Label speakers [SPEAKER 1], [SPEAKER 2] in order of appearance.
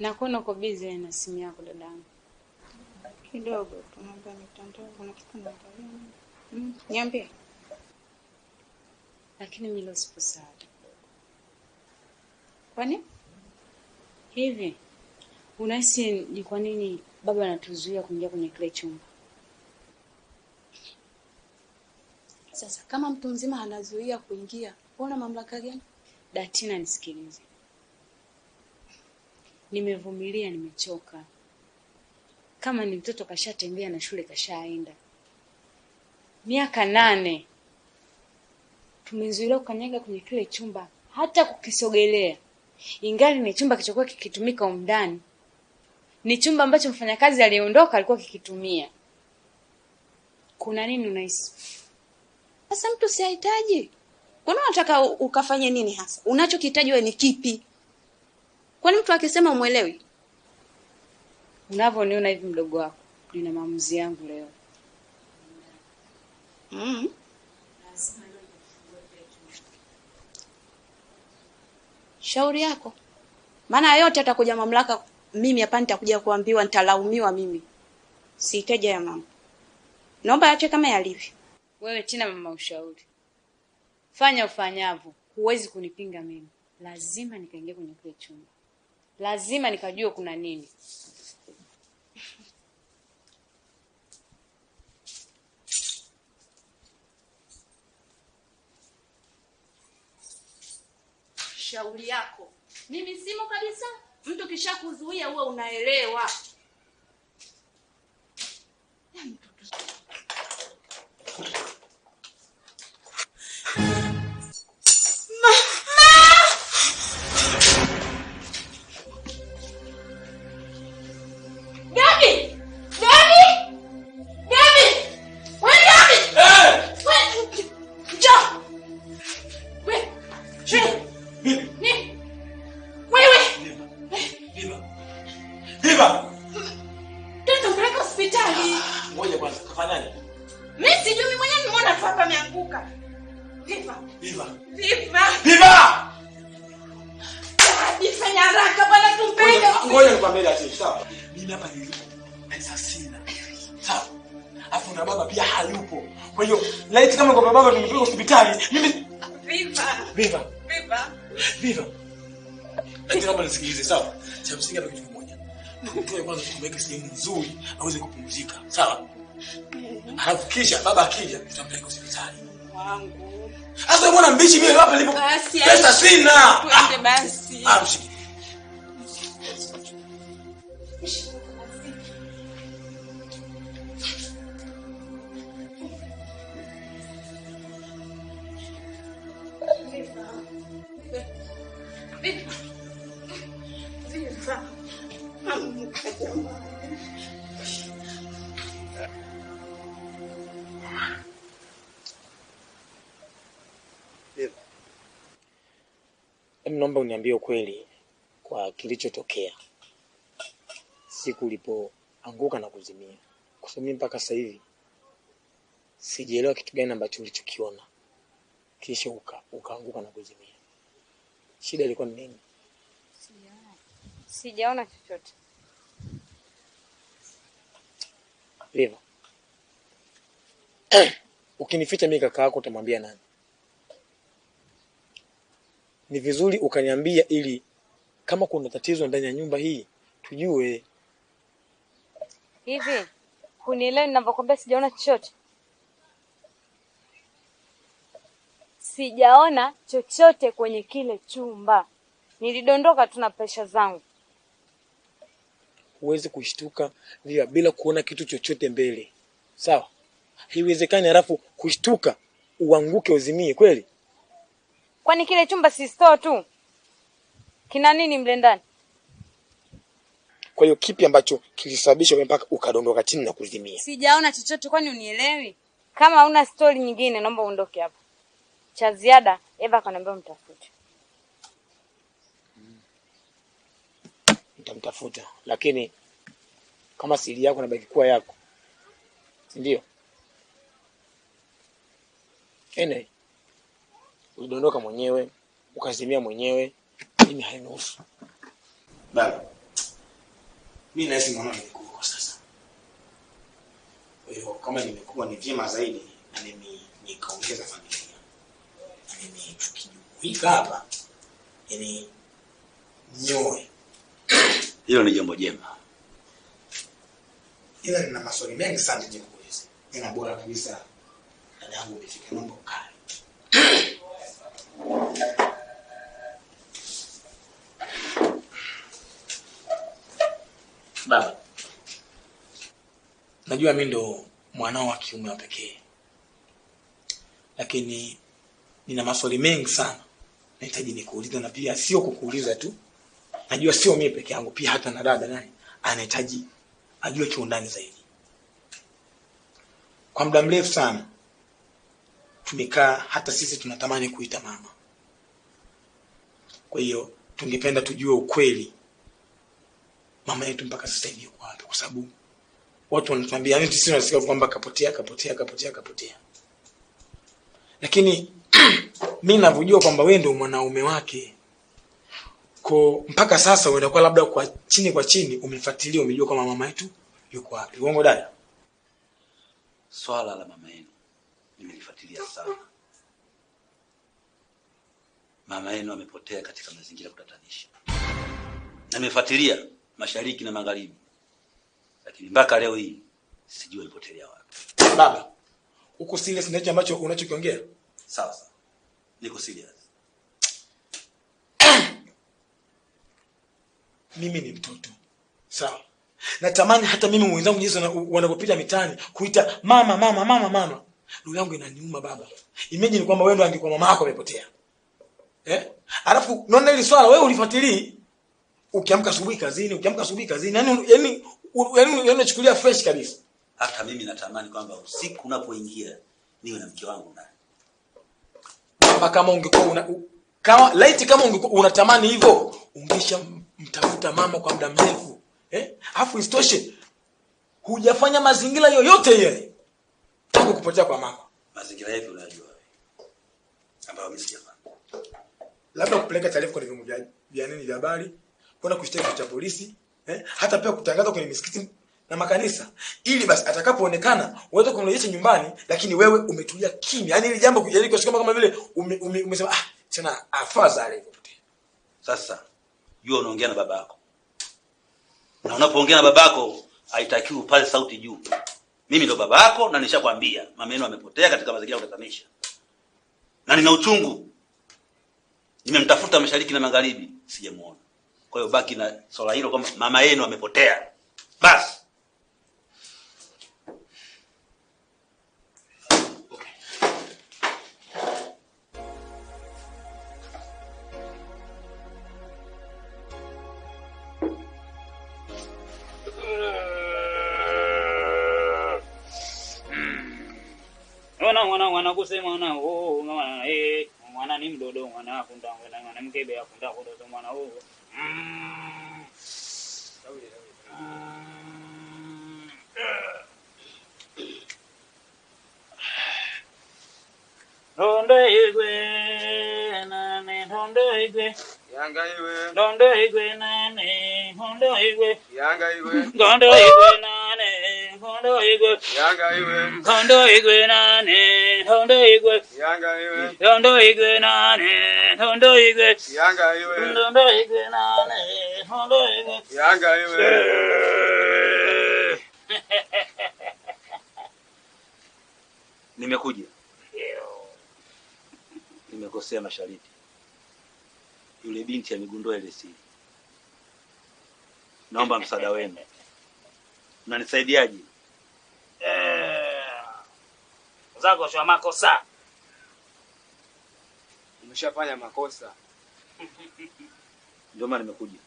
[SPEAKER 1] Nakuona uko busy na simu yako dadangu.
[SPEAKER 2] Kidogo tu naomba kuna kitu naangalia.
[SPEAKER 1] Hmm, niambie. Lakini mimi sipo sawa. Kwani? Hivi unahisi ni kwa nini baba anatuzuia kuingia kwenye kile chumba?
[SPEAKER 2] Sasa kama mtu mzima anazuia kuingia, una mamlaka gani?
[SPEAKER 1] Datina, nisikilize nimevumilia, nimechoka. Kama ni mtoto kashatembea na shule kashaenda, miaka nane tumezuiliwa kukanyaga kwenye kile chumba, hata kukisogelea, ingali ni chumba kilichokuwa kikitumika umdani. Ni chumba ambacho mfanyakazi aliyeondoka alikuwa kikitumia. Kuna nini unahisi?
[SPEAKER 2] Sasa mtu sihahitaji, kwani unataka ukafanye nini hasa? Unachokihitaji wewe ni kipi? Kwani mtu akisema umwelewi?
[SPEAKER 1] Unavyoniona hivi, mdogo wako, nina maamuzi yangu leo. Mm.
[SPEAKER 2] Shauri yako, maana yote atakuja mamlaka. Mimi hapa nitakuja kuambiwa, nitalaumiwa mimi. Sihitaji ya mama, naomba yache kama yalivyo.
[SPEAKER 1] Wewe tena mama, ushauri fanya ufanyavyo, huwezi kunipinga mimi, lazima nikaingia kwenye kile chumba lazima nikajue kuna nini. Shauri yako, mimi simo kabisa. Mtu kishakuzuia huwe unaelewa.
[SPEAKER 3] kufanyaje?
[SPEAKER 2] Mimi sijui, mimi mwenyewe nimeona tu hapa ameanguka. Viva. Viva. Viva.
[SPEAKER 3] Viva.
[SPEAKER 2] Jifanya haraka bwana, tumpende.
[SPEAKER 3] Ngoja nikwambie ati sawa. Mimi hapa nilipo pesa sina. Sawa. Afu na baba pia hayupo. Kwa hiyo laiti kama kwa baba tumepeleka hospitali, mimi Viva. Viva. Viva. Viva. Ndio baba nisikilize sawa. Cha msingi hapa kitu kimoja. Nikutoe kwanza kumweka sehemu nzuri aweze kupumzika. Sawa? hakikisha baba akija tutampeleka hospitali wangu. Sasa mbona mbichi mimi hapa nilipo? Pesa sina.
[SPEAKER 2] Twende basi.
[SPEAKER 3] Ah, ah mshiki. Viva. Viva. Naomba uniambie ukweli kwa kilichotokea siku ulipoanguka na kuzimia, kwa sababu mpaka sasa hivi sijaelewa kitu gani ambacho ulichokiona kisha uka, ukaanguka na kuzimia. Shida ilikuwa ni nini?
[SPEAKER 2] Sijaona chochote.
[SPEAKER 3] Lino. Ukinificha mimi kaka yako utamwambia nani? Ni vizuri ukaniambia ili kama kuna tatizo ndani ya nyumba hii tujue.
[SPEAKER 2] Hivi kunielewi ninavyokwambia? Sijaona chochote, sijaona chochote kwenye kile chumba. Nilidondoka tu na pesha zangu
[SPEAKER 3] huwezi kushtuka via bila kuona kitu chochote mbele, sawa? Haiwezekani halafu kushtuka uanguke uzimie kweli.
[SPEAKER 2] Kwani kile chumba si store tu, kina nini mle ndani?
[SPEAKER 3] Kwa hiyo kipi ambacho kilisababisha mpaka ukadondoka chini na kuzimia?
[SPEAKER 2] Sijaona chochote, kwani unielewi? Kama una stori nyingine, naomba uondoke hapa. Cha ziada Eva kanaambia mtafute.
[SPEAKER 3] nitamtafuta, lakini kama siri yako inabaki kuwa yako, si ndio? Ene ulidondoka mwenyewe ukazimia mwenyewe, mimi hainihusu baba. mi naishi mwana nimekuwa kwa sasa, kwa hiyo kama nimekuwa ni vyema zaidi na mimi nikaongeza familia na mimi tukijumuika hapa, yani nyoe hilo ni jambo jema, ila lina maswali mengi sana. Je, kuuliza ina bora kabisa dada yangu, umefika mambo kali. Baba, najua mimi ndo mwanao wa kiume wa pekee, lakini nina maswali mengi sana nahitaji nikuuliza, na pia sio kukuuliza tu najua sio mimi peke yangu, pia hata na dada naye anahitaji ajue kiundani zaidi. Kwa muda mrefu sana tumekaa, hata sisi tunatamani kuita mama. Kwa hiyo tungependa tujue ukweli mama yetu mpaka sasa hivi yuko wapi, kwa sababu watu wanatuambia, yani sisi tunasikia kwamba kapotea, kapotea, kapotea, kapotea, lakini mi navyojua kwamba wewe ndio mwanaume wake kwa mpaka sasa unakuwa labda kwa chini kwa chini umefuatilia umejua kama mama yetu yuko wapi. Uongo dai. Swala la mama yenu nimelifuatilia sana. Mama yenu amepotea katika mazingira kutatanisha. Nimefuatilia mashariki na magharibi. Lakini mpaka leo hii sijui alipotelea wapi. Baba, uko serious na hicho ambacho unachokiongea? Sawa sawa. Niko serious. mimi ni mtoto sawa natamani hata mimi mwenzangu jinsi wanapopita mitaani kuita mama mama mama mama ndugu yangu inaniuma baba imagine kwamba wewe ndo angekuwa mama yako amepotea eh alafu naona hili swala wewe ulifuatilii ukiamka asubuhi kazini ukiamka asubuhi kazini yani yani yani yaani unachukulia fresh kabisa hata mimi natamani kwamba usiku unapoingia niwe na mke wangu na kama ungekuwa una kama light kama ungekuwa unatamani hivyo ungesha mtafuta mama kwa muda mrefu eh? Afu istoshe hujafanya mazingira yoyote yale tangu kupotea kwa mama. Mazingira yapi unajua ambayo mimi sijafanya, labda kupeleka taarifa kwa vyombo vya vya nini vya habari, kwenda kushtaki cha polisi eh? hata pia kutangaza kwenye misikiti na makanisa, ili basi atakapoonekana uweze kumrejesha nyumbani. Lakini wewe umetulia kimya, yani ile jambo yaani kujaribu kama vile umesema ume, ume ah tena afadhali sasa jua unaongea na baba yako na unapoongea na baba yako haitakiwi upale sauti juu. Mimi ndo baba yako na nishakwambia yenu amepotea katika mazingira ya kutatanisha, na nina uchungu, nimemtafuta mashariki na magharibi sijamuona. Kwa hiyo baki na swala hilo kwamba mama yenu amepotea basi.
[SPEAKER 4] mwana mwana mwana kusema mwana oh mwana oh, eh mwana ni mdodo mwana akunda mwana mwana mkebe akunda kudodo mwana oh, oh. Mm. Ndondo igwe nane ndondo igwe yanga igwe ndondo igwe nane ndondo igwe yanga igwe ndondo igwe hondo igwe
[SPEAKER 5] yanga iwe
[SPEAKER 4] hondo igwe nane hondo igwe
[SPEAKER 5] yanga iwe
[SPEAKER 4] hondo igwe nane hondo igwe yanga iwe hondo igwe nane hondo igwe
[SPEAKER 5] yanga iwe
[SPEAKER 3] nimekuja nimekosea mashariti yule binti amegundua ile siri naomba msaada wenu mnanisaidiaje
[SPEAKER 4] zako za makosa.
[SPEAKER 5] Umeshafanya makosa,
[SPEAKER 3] ndio maana nimekuja.